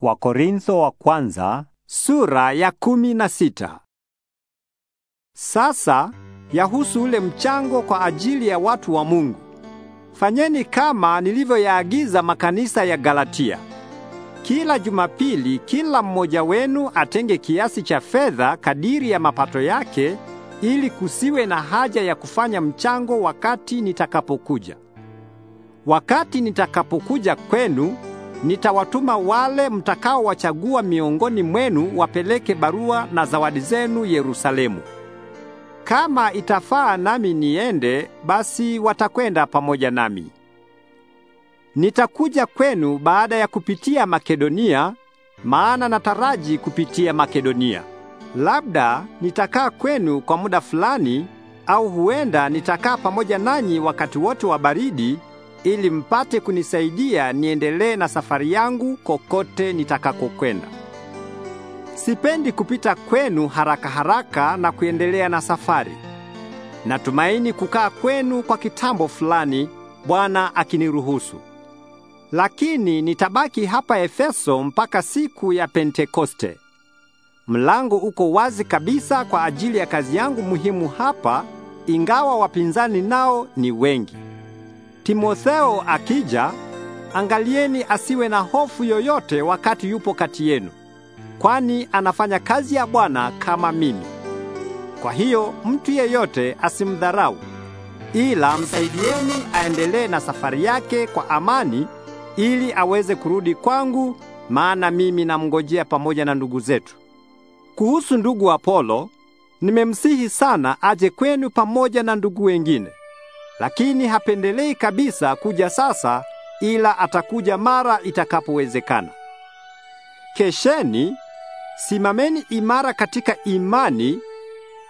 Wakorintho wa kwanza sura ya kumi na sita. Sasa yahusu ule mchango kwa ajili ya watu wa Mungu. Fanyeni kama nilivyoyaagiza makanisa ya Galatia. Kila Jumapili kila mmoja wenu atenge kiasi cha fedha kadiri ya mapato yake ili kusiwe na haja ya kufanya mchango wakati nitakapokuja. Wakati nitakapokuja kwenu Nitawatuma wale mtakaowachagua miongoni mwenu wapeleke barua na zawadi zenu Yerusalemu. Kama itafaa nami niende, basi watakwenda pamoja nami. Nitakuja kwenu baada ya kupitia Makedonia, maana nataraji kupitia Makedonia. Labda nitakaa kwenu kwa muda fulani au huenda nitakaa pamoja nanyi wakati wote wa baridi ili mpate kunisaidia niendelee na safari yangu kokote nitakakokwenda. Sipendi kupita kwenu haraka haraka na kuendelea na safari. Natumaini kukaa kwenu kwa kitambo fulani, Bwana akiniruhusu. Lakini nitabaki hapa Efeso mpaka siku ya Pentekoste. Mlango uko wazi kabisa kwa ajili ya kazi yangu muhimu hapa, ingawa wapinzani nao ni wengi. Timotheo akija, angalieni asiwe na hofu yoyote wakati yupo kati yenu, kwani anafanya kazi ya Bwana kama mimi. Kwa hiyo mtu yeyote asimdharau, ila msaidieni aendelee na safari yake kwa amani, ili aweze kurudi kwangu, maana mimi namngojea pamoja na ndugu zetu. Kuhusu ndugu Apolo, nimemsihi sana aje kwenu pamoja na ndugu wengine lakini hapendelei kabisa kuja sasa, ila atakuja mara itakapowezekana. Kesheni, simameni imara katika imani,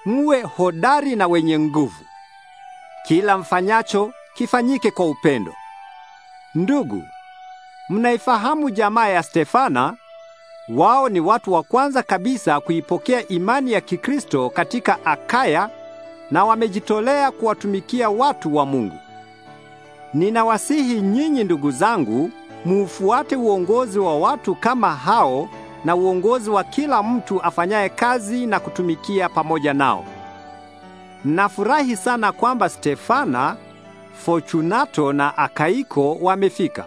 muwe hodari na wenye nguvu. Kila mfanyacho kifanyike kwa upendo. Ndugu, mnaifahamu jamaa ya Stefana. Wao ni watu wa kwanza kabisa kuipokea imani ya Kikristo katika Akaya na wamejitolea kuwatumikia watu wa Mungu. Ninawasihi nyinyi ndugu zangu, muufuate uongozi wa watu kama hao na uongozi wa kila mtu afanyaye kazi na kutumikia pamoja nao. Nafurahi sana kwamba Stefana, Fortunato na Akaiko wamefika.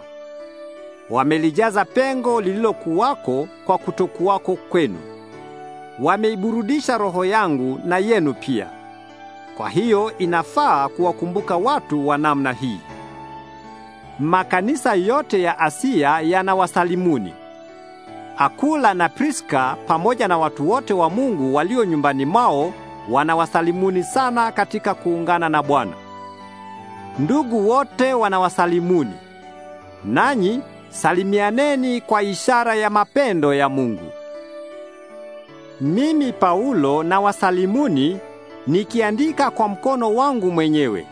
Wamelijaza pengo lililokuwako kwa kutokuwako kwenu. Wameiburudisha roho yangu na yenu pia. Kwa hiyo inafaa kuwakumbuka watu wa namna hii. Makanisa yote ya Asia yanawasalimuni. Akula na Priska pamoja na watu wote wa Mungu walio nyumbani mwao wanawasalimuni sana katika kuungana na Bwana. Ndugu wote wanawasalimuni. Nanyi salimianeni kwa ishara ya mapendo ya Mungu. Mimi Paulo na wasalimuni nikiandika kwa mkono wangu mwenyewe.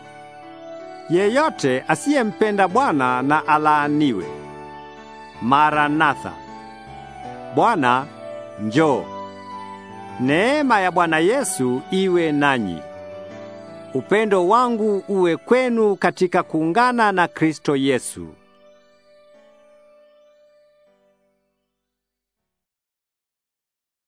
Yeyote asiyempenda Bwana na alaaniwe. Maranatha, Bwana njoo. Neema ya Bwana Yesu iwe nanyi. Upendo wangu uwe kwenu katika kuungana na Kristo Yesu.